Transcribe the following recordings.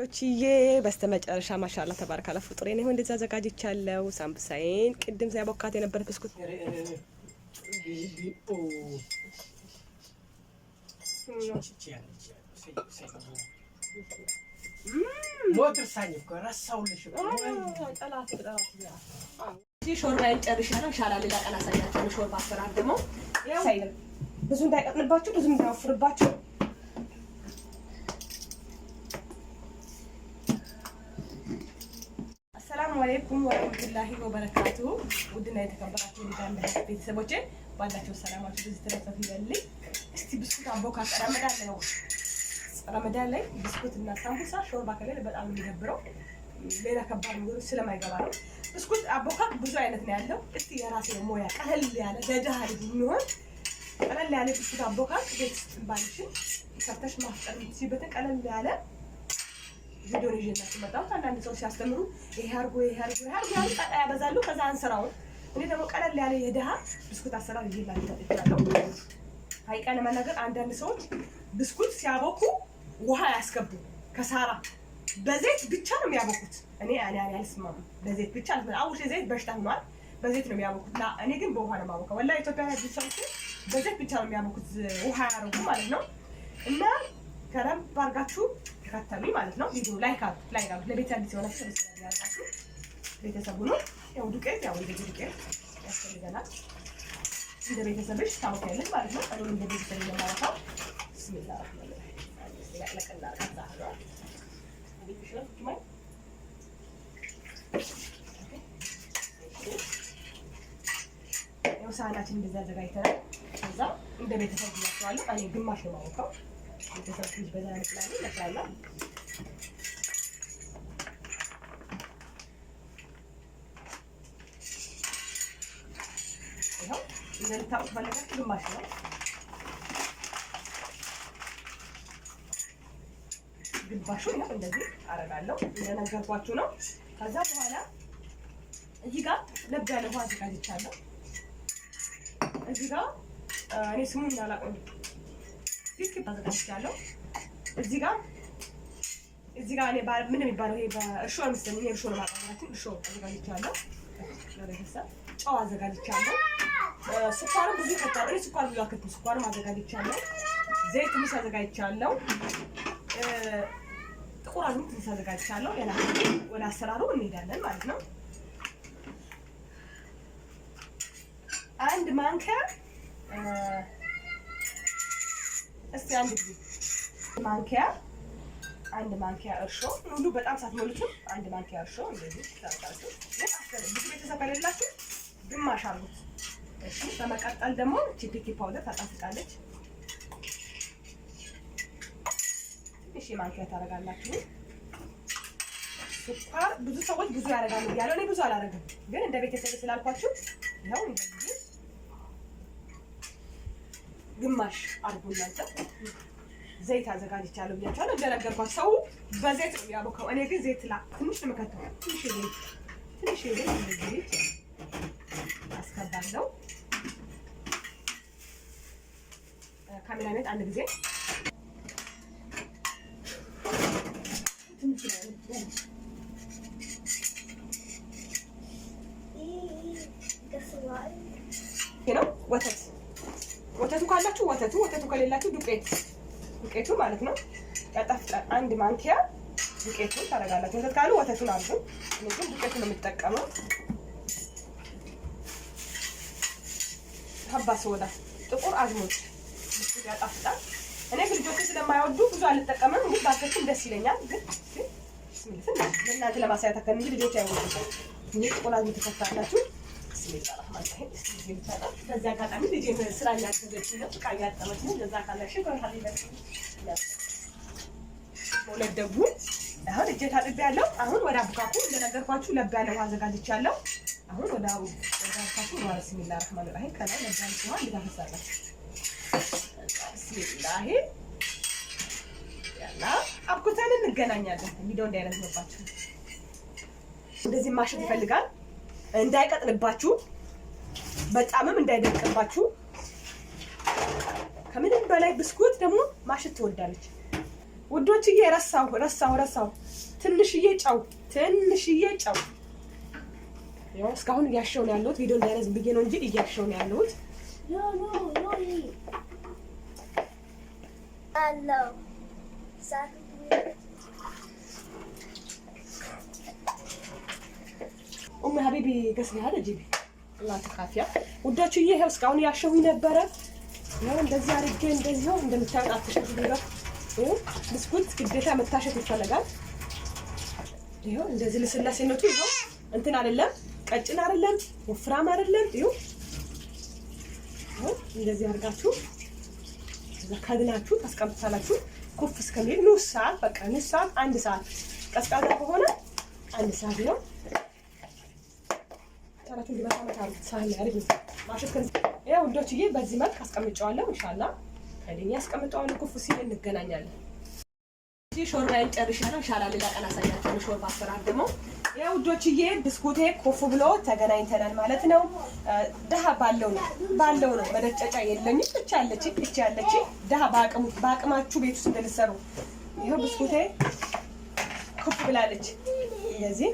ቶችዬ በስተመጨረሻ ማሻላ ተባረካለ ፍጡሬን ይሁን እንደዛ አዘጋጅቻለሁ። ሳምብሳዬን ቅድም ሳያቦካት የነበረ ብስኩት ሾርባዬን ሻላ ሾርባ ብዙ እንዳይቀጥንባችሁ ብዙ እንዳይወፍርባችሁ አለይኩም ወረህመቱላሂ ወበረካቱ። ውድና የተከበራችሁ ቤተሰቦቼ ባላቸው ሰላማችሁ ተረፈት ይበልኝ። እስቲ ብስኩት አቦካት ረመዳን ላይ ረመዳን ላይ ብስኩት እና ሳምቡሳ ሾርባ ከሌለ በጣም የሚደብረው ሌላ ከባድ ምግብ ስለማይገባ ነው። ብስኩት አቦካት ብዙ አይነት ነው ያለው። እስቲ የራሴ ሞያ ቀለል ያለ ለድሃ ልጅ የሚሆን ቀለል ያለ ብስኩት አቦካት ቤት ውስጥ ባልሽን ሰርተሽ ማፍጠር ሲበትን ቀለል ያለ ቪዲዮ ይዤላችሁ መጣሁት። አንዳንድ ሰው ሲያስተምሩ ይሄ አድርጎ ይሄ አድርጎ ይሄ አድርጎ ያሉ ቀጣ ያበዛሉ። ከዛ አንሰራውን እኔ ደግሞ ቀለል ያለ የድሃ ብስኩት አሰራር ይዤላችሁ መጥቻለሁ። ሀይቃ ለመናገር አንዳንድ ሰዎች ብስኩት ሲያበኩ ውሃ ያስገቡ ከሳራ በዘይት ብቻ ነው የሚያቦኩት። እኔ እኔ አልስማማም። በዘይት ብቻ አውሽ ዘይት በሽታ ሆኗል። በዘይት ነው የሚያቦኩት። እኔ ግን በውሃ ነው የማቦከው። ወላሂ ኢትዮጵያ ብቻ በዘይት ብቻ ነው የሚያቦኩት። ውሃ ያረጉ ማለት ነው እና ከረም ባርጋችሁ የፈተሉኝ ማለት ነው። ቪዲዮ ላይክ አድርጉት፣ ላይክ አድርጉት። ለቤት አዲስ የሆናችሁ ሰብስክራይብ ቤተሰቡ ነው። ያው ዱቄት ያው እንደ ዱቄት ያስፈልገናል። እንደ ቤተሰብሽ ታውቂያለሽ ማለት ነው። ቀሩ እንደ ቤተሰብ የማራታው ስሚላ ያው ሳህናችን እንደዛ አዘጋጅተናል። ከዛ እንደ ቤተሰብ ብያቸዋለሁ። እኔ ግማሽ ነው የማወቀው የተሰጡ በዛ ስላለ ይመስላል። እንደምታውቁት ባለጋችሁ ግማሽ ነው ግባሹ ይኸው እንደዚህ አደርጋለሁ እንደነገርኳችሁ ነው። ከዛ በኋላ እዚህ ጋር ለብ ያለ ውሃ አዘጋጅቻለሁ። እዚህ ጋር እኔ ስሙን አላውቅም ልክ ይባዘጋችላለሁ እዚህ ጋር እዚህ ጋር እኔ ምን የሚባለው ይሄ እርሾ አልመሰለኝም። ይሄ እርሾ ነው ማለትም እርሾ አዘጋጅቻለሁ። ለቤተሰብ ጨው አዘጋጅቻለሁ። ስኳርም ብዙ ይከታል። እኔ ስኳር ብዙ አልከትም። ስኳርም አዘጋጅቻለሁ። ዘይት ትንሽ አዘጋጅቻለሁ። ጥቁር አዝሙድ ትንሽ አዘጋጅቻለሁ። ያላ ወደ አሰራሩ እንሄዳለን ማለት ነው። አንድ ማንኪያ እስቲ አንድ ጊዜ ማንኪያ አንድ ማንኪያ እርሾ ሁሉ በጣም ሳትሞሉትም አንድ ማንኪያ እርሾ እንደዚህ ብዙ ቤተሰብ ከሌላችሁ ግማሽ አሉት። እሺ፣ በመቀጠል ደግሞ ቺፒኪ ፓውደር ታጣፍቃለች። ትንሽ ማንኪያ ታደርጋላችሁ። ስኳር ብዙ ሰዎች ብዙ ያደርጋሉ እያለው እኔ ብዙ አላደርግም፣ ግን እንደ ቤተሰብ ስላልኳችሁ ይኸው እንደዚህ ግማሽ አድርጎ እናንተ ዘይት አዘጋጅቻለሁ ብያቸዋለሁ። እንደነገርኳት ሰው በዘይት ነው የሚያቦካው። እኔ ግን ዘይት ላ ትንሽ ምከተው ትንሽ ዘይት ትንሽ ዘይት እንደዚህ ካሜራ ካሜራነት አንድ ጊዜ ከሌላችሁ ዱቄት ዱቄቱ ማለት ነው ያጣፍጣ አንድ ማንኪያ ዱቄቱን ታደርጋላችሁ። ወተት ካሉ ወተቱን አሉ። እኔ ግን ዱቄቱን ነው የምጠቀመው። ሀባ ሶዳ፣ ጥቁር አዝሙድ ያጣፍጣል። እኔ ግን ልጆቹ ስለማይወዱ ብዙ አልጠቀምም። ግን ባትከቱም ደስ ይለኛል። ግን ለእናንተ ለማሳያት አካባቢ ልጆች አይወዱም። ይህ ጥቁር አዝሙድ ተከታላችሁ በዚህ አጋጣሚ ልጄን ስራ ሁለት ደግሞ አሁን እጄ ታጥቤያለሁ። አሁን ወደ አቡካኩ እንደነገርኳችሁ ለብ ያለ ውሃ አዘጋጅቻለሁ። አሁን ወደ አቡካኩ ቢስሚላሂ ረህማኒ ረሂም ከላይ ለብ ያለ ውሃ አብኩተን እንገናኛለን። ቪዲዮ እንዳይረዝምባችሁ እንደዚህ ማሸት ይፈልጋል። እንዳይቀጥንባችሁ በጣምም እንዳይደርቅባችሁ። ከምንም በላይ ብስኩት ደግሞ ማሽት ትወዳለች ውዶችዬ። ረሳው ረሳው ረሳሁ። ትንሽዬ ጨው ትንሽዬ ጨው። እስካሁን እያሸው ነው ያለሁት፣ ቪዲዮ እንዳይረዝም ብዬ ነው እንጂ እያሸው ነው ያለሁት። አለው ጂቢ ገዝተሃል? ጂቢ እናትህ ካፊያ ውዶቹ፣ ይሄ እስካሁን ያሸሁኝ ነበረ። እንደዚህ አድርጌ እንደዚህ ነው እንደምታዩት አትሸቱ ነው። ብስኩት ግዴታ መታሸት ይፈለጋል። ይኸው እንደዚህ ልስላሴነቱ ይኸው እንትን አይደለም፣ ቀጭን አይደለም፣ ወፍራም አይደለም። ይኸው እንደዚህ አድርጋችሁ ከድናችሁ ታስቀምጣላችሁ። ኩፍ እስከሚል ንስ ሰዓት በቃ ንስ ሰዓት አንድ ሰዓት ቀዝቃዛ ከሆነ አንድ ሰዓት ነው። መሰረት እንዲመጣ መታረቅ ሳህን ላይ አድርግ። ማሽከን ያው እንዶችዬ በዚህ መልክ አስቀምጨዋለሁ። ኢንሻአላ ከደኛ አስቀምጨዋለሁ። ኩፍ ሲል እንገናኛለን። እዚህ ሾርባዬን ጨርሻለሁ። ኢንሻአላ ሌላ ቀን አሳያችኋለሁ። ሾርባ አሰራር ደግሞ ያው ውዶችዬ ብስኩቴ ኮፍ ብሎ ተገናኝተናል ማለት ነው። ድሀ ባለው ነው ባለው ነው መደጨጫ የለኝም ብቻ ያለች ብቻ ያለች ድሀ በአቅሙ በአቅማችሁ ቤት ውስጥ እንደልሰሩ ይኸው ብስኩቴ ኮፍ ብላለች። እንደዚህ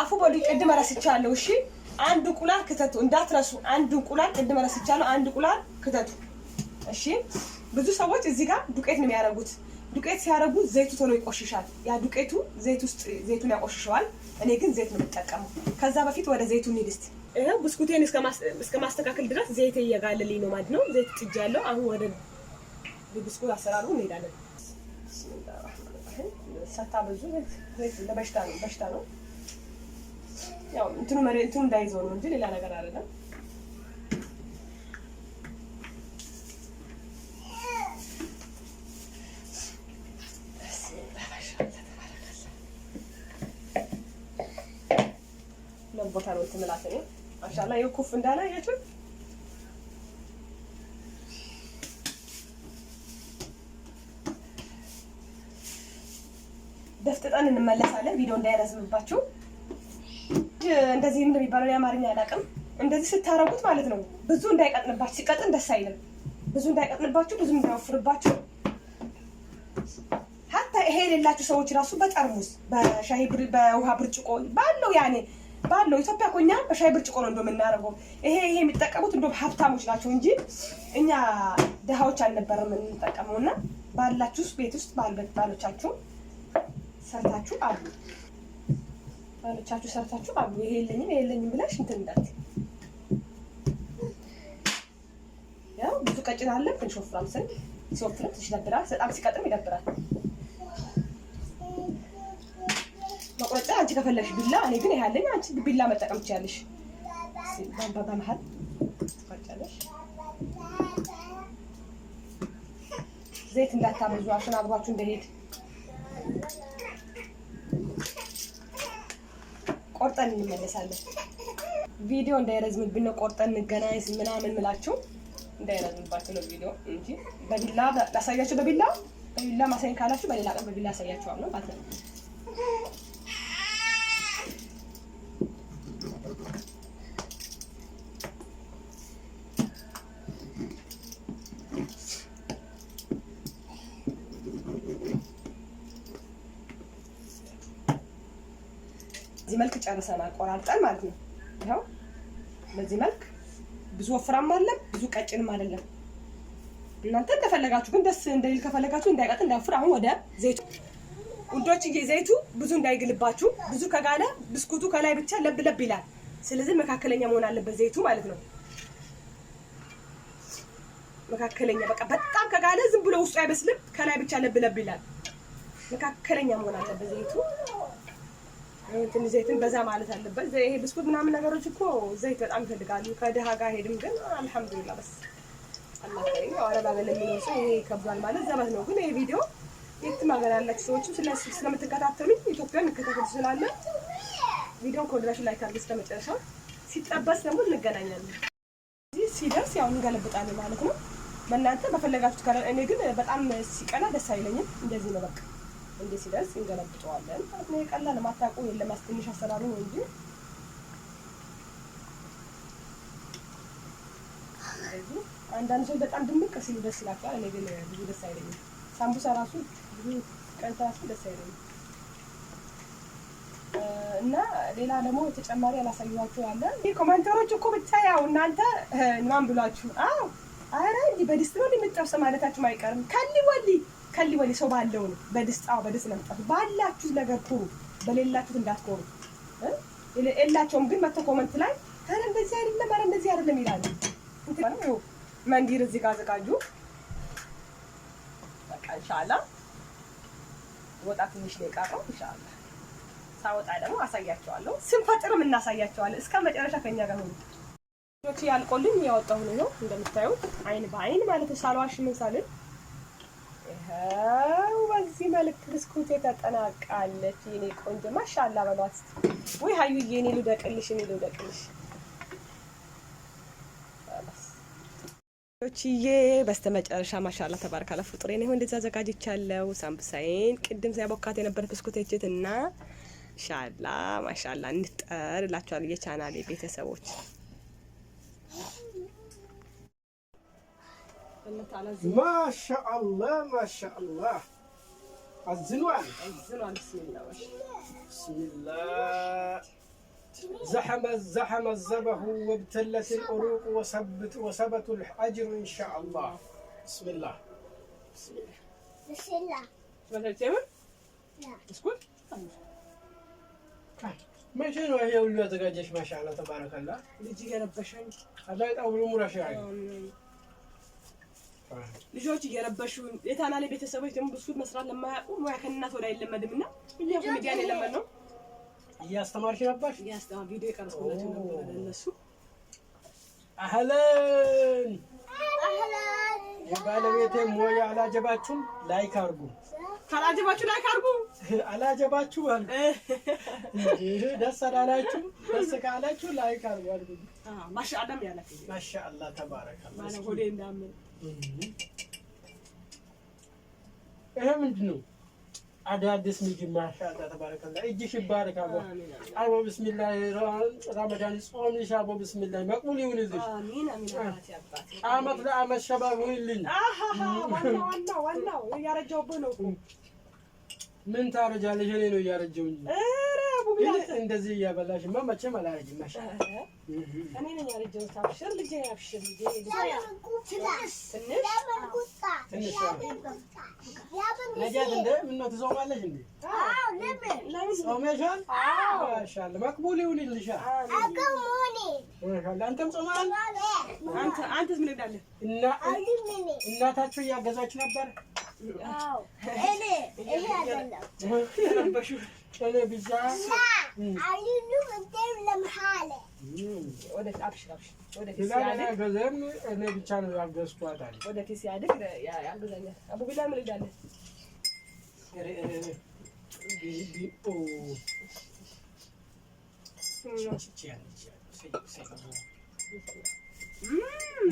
አፉ በሉ ይቀድም እረስቻለሁ። እሺ አንድ እንቁላል ክተቱ እንዳትረሱ። አንድ እንቁላል ቅድም ረስቻለሁ። አንድ እንቁላል ክተቱ። እሺ ብዙ ሰዎች እዚህ ጋር ዱቄት ነው የሚያደርጉት። ዱቄት ሲያደርጉ ዘይቱ ቶሎ ይቆሽሻል። ያ ዱቄቱ ዘይት ውስጥ ዘይቱን ያቆሽሸዋል። እኔ ግን ዘይት ነው የምጠቀመው። ከዛ በፊት ወደ ዘይቱ እንሂድስት። ይኸው ብስኩቴን እስከ ማስተካከል ድረስ ዘይት እየጋለልኝ ነው ማለት ነው። ዘይት ጥጃለሁ። አሁን ወደ ብስኩት አሰራሩ እንሄዳለን። ሰታ ብዙ ዘይት ለበሽታ ነው በሽታ ነው ያው እንትኑ እንትኑ እንዳይዘው ነው እንጂ ሌላ ነገር አይደለም። ቦታ ነው ትምላት ነው ማሻአላ የኩፍ እንዳለ ያችሁ ደፍጥጠን እንመለሳለን ቪዲዮ እንዳይረዝምባችሁ እንደዚህ ምን የሚባለው የአማርኛ አላውቅም። እንደዚህ ስታረጉት ማለት ነው ብዙ እንዳይቀጥንባችሁ፣ ሲቀጥን ደስ አይልም። ብዙ እንዳይቀጥንባችሁ፣ ብዙ እንዳይወፍርባችሁ ሀታ ይሄ የሌላችሁ ሰዎች ራሱ በጠርሙስ በሻይ በውሃ ብርጭቆ ባለው ያኔ ባለው ኢትዮጵያ እኮ እኛ በሻይ ብርጭቆ ነው እንደው የምናደርገው። ይሄ ይሄ የሚጠቀሙት እንደው ሀብታሞች ናቸው እንጂ እኛ ድሃዎች አልነበረም የምንጠቀመው። እና ባላችሁ ቤት ውስጥ ባሎቻችሁ ሰርታችሁ አሉ አለቻችሁ ሰርታችሁ አሉ ይሄ የለኝም ይሄ የለኝም ብለሽ እንትን እንዳት ያው ብዙ ቀጭን አለ ግን ሾፍራም ስል ሲወፍርም ትንሽ ይደብራል። በጣም ሲቀጥም ይደብራል። መቁረጫ አንቺ ከፈለሽ ቢላ፣ እኔ ግን ይሄ አለኝ። አንቺ ቢላ መጠቀም ትችያለሽ። ባምባ በመሀል ትቆርጫለሽ። ዘይት እንዳታበዙ አሽን አብሯችሁ እንደሄድ ቆርጠን እንመለሳለን። ቪዲዮ እንዳይረዝምብን ነው ቆርጠን እንገናኝ ምናምን ምላችሁ እንዳይረዝምባችሁ ነው ቪዲዮ እንጂ በቢላ ላሳያችሁ። በቢላ በቢላ ማሳየን ካላችሁ በሌላ ቀን በቢላ ያሳያችኋል ነው ነው። በዚህ መልክ ጨርሰናል ቆራርጠን ማለት ነው። ይኸው በዚህ መልክ ብዙ ወፍራም አይደለም፣ ብዙ ቀጭንም አይደለም። እናንተ እንደፈለጋችሁ ግን ደስ እንደይል ከፈለጋችሁ እንዳይቀጥ እንዳይወፍር። አሁን ወደ ዘይቱ ውዶችዬ ዘይቱ ብዙ እንዳይግልባችሁ። ብዙ ከጋለ ብስኩቱ ከላይ ብቻ ለብ ለብ ይላል። ስለዚህ መካከለኛ መሆን አለበት ዘይቱ ማለት ነው። መካከለኛ በቃ በጣም ከጋለ ዝም ብሎ ውስጡ አይበስልም። ከላይ ብቻ ለብ ለብ ይላል። መካከለኛ መሆን አለበት ዘይቱ እንትን ዘይትን በዛ ማለት አለበት። ይሄ ብስኩት ምናምን ነገሮች እኮ ዘይት በጣም ይፈልጋሉ። ከድሃ ጋር ሄድም ግን አልሐምዱሊላህ በስ ሰው ይሄ ማለት ነው። ግን ይሄ ቪዲዮ የትም ሀገር ያላችሁ ሰዎችም ስለምትከታተሉኝ ኢትዮጵያ እንከታተሉ ስላለ ቪዲዮን ሲጠበስ ደግሞ እንገናኛለን። ሲደርስ ያው እንገለብጣለን ማለት ነው። በእናንተ በፈለጋችሁት ከረን። እኔ ግን በጣም ሲቀና ደስ አይለኝም። እንደዚህ ነው በቃ እንዲህ ሲደርስ እንገለብጠዋለን ማለት ነው። የቀላል ማታውቁ የለም አስትንሽ አሰራሩ ነው እንጂ አንዳንድ ሰው በጣም ድምቅ ሲሉ ደስ ይላቸዋል። እኔ ግን ብዙ ደስ አይለኝም። ሳምቡሳ ራሱ ብዙ ቀልታ ራሱ ደስ አይለኝም። እና ሌላ ደግሞ ተጨማሪ ያላሳየኋችሁ ያለ ኮመንተሮች እኮ ብቻ ያው እናንተ ማን ብሏችሁ አዎ፣ አረ እንዲህ በድስት ነው የምጠብሰው ማለታችሁ አይቀርም ከሊ ወሊ ከሊ ወሊ ሰው ባለው ነው በድስጣ በድስ በድስት ለምጣቱ ባላችሁ ነገር ኩሩ፣ በሌላችሁት እንዳትኮሩ። የላቸውም ግን መተ ኮመንት ላይ አረ እንደዚህ አይደለም አረ እንደዚህ አይደለም ይላሉ። እንትን መንዲር እዚህ ጋር አዘጋጁ። በቃ ኢንሻአላ ወጣ ትንሽ ነው የቀረው። ኢንሻአላ ሳወጣ ደግሞ አሳያቸዋለሁ። ስንፈጥርም እናሳያቸዋለን። እስከ መጨረሻ ከኛ ጋር ሁኑ። ያልቆልኝ ያወጣሁ ነው እንደምታዩት፣ አይን በአይን ማለት ሳልዋሽ ምን ሳልል ይኸው በዚህ መልክ ብስኩቴ ተጠናቃለች። የኔ ቆንጆ ማሻላ በሏት። ወይ ሀዩዬ፣ እኔ ልውደቅልሽ፣ እኔ ልውደቅልሽ። ቶችዬ በስተመጨረሻ ማሻላ ተባረካላ ፍጡሬን ይሁን እንደዚህ አዘጋጅቻለሁ። ሳምብሳዬን ቅድም ሳይቦካት የነበረ ብስኩቴችት እና ሻላ ማሻላ እንጠር እላችኋለሁ የቻናሌ ቤተሰቦች ما شاء الله ما شاء الله الزنوان الزنوان بسم الله وش. بسم الله زحم الزحم الزبه وابتلت الأروق وسبت وسبت الأجر إن شاء الله بسم الله بسم الله بسم الله ما تعمل؟ لا اسكت طيب. ما شنو هي ولا ነው ما شاء الله تبارك الله اللي ገረበሸኝ። አላህ هذا أول مرة شاعر ልጆች እየረበሹ የታናኔ ቤተሰቦች ደግሞ ብስኩት መስራት ለማያውቁ ሙያ ከእናት ወደ አይለመድም እና እያልኩ ሚዲያ ነው የለመድ ነው እያስተማርሽ ነበር። እያስተማር ቪዲዮ የቀረስኩላቸው ነበር ለእነሱ አህለን የባለቤቴ ሞያ አላጀባችሁም። ላይክ አርጉ። ካላጀባችሁ ላይክ አርጉ። አላጀባችሁ አሉ ደስ አላላችሁ። ደስ ካላችሁ ላይክ አርጉ አልኩ። ማሻአላ ያለ ማሻአላ ተባረካል። ማለት ሆዴ እንዳምን ይሄ ምንድን ነው? አዳዲስ ምግብ ማሻላ ተባረከላ። እጅሽ ይባረክ። አቦ አቦ ብስሚላ ረመዳን ጾምሽ አቦ ብስሚላ መቅቡል ይሁንልሽ። አመት ለአመት ሸባብ ሁንልኝ። ዋናው ያረጀውብህ ነው። ምን ታረጃለሽ? እኔ ነው እያረጀው እንጂ ግን እንደዚህ እያበላሽማ መቼም አላረጅም። መቅቡል ይሁንልሻል። አንተም ጾመሃል? አንተስ ምን እንዳለ እናታችሁ እያገዛች ነበር ገዘም እኔ ብቻ ነው ያገዝኳት አለ። ወደፊት ሲያድግ ያግዛኛል። አቡቢላ ምን እሄዳለን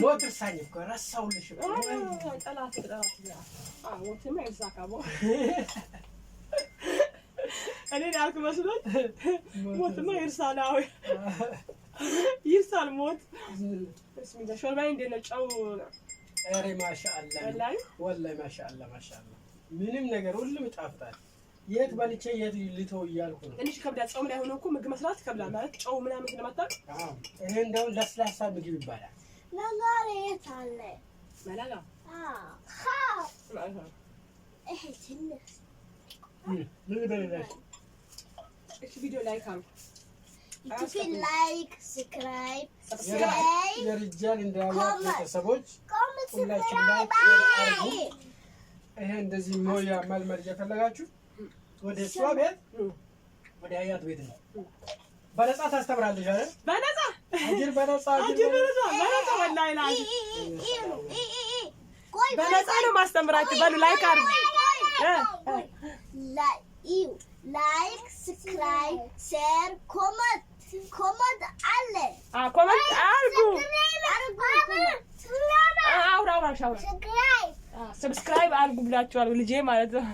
ሞት እርሳኝ እኮ ረሳሁልሽ። አሁን ተመዛ ካቦ እኔ መስሎት ሞትማ ይርሳል። አዎ ይርሳል ሞት። ሾርባዬ እንዴት ነው? ጨው ኧረ ማሻአላህ፣ ወላሂ ወላሂ፣ ማሻአላህ ወላሂ ወላሂ ማሻአላህ ምንም ነገር ሁሉም ይጣፍጣል። የት በልቼ የት ልተው እያልኩ ነው። ትንሽ ከብዳ ጾም ላይ ሆኖ እኮ ምግብ መስራት ከብዳል ማለት ጨው ምናምን ስለማታውቅ። ይሄ እንደውም ለስላሳ ምግብ ይባላል። ለዛሬ የት አለ መላላ ቤተሰቦች ሁላችሁም ላይክ አድርጉ። ይሄ እንደዚህ ሞያ መልመድ እየፈለጋችሁ ወደ እሷ ቤት ወደ አያት ቤት ነው። በነፃ ታስተምራለች አይደል? በነፃ አጅር በነፃ አጅር በነፃ በነፃ ወላሂ በነፃ ነው ማስተምራችሁ። በሉ ላይክ አድርጉ። ላይክ፣ ስክራይብ፣ ሼር፣ ኮመንት ኮመንት አለ አ ኮመንት አርጉ አድርጉ። አውራ አውራ ሰብስክራይብ አድርጉ ብላችኋል ልጄ ማለት ነው።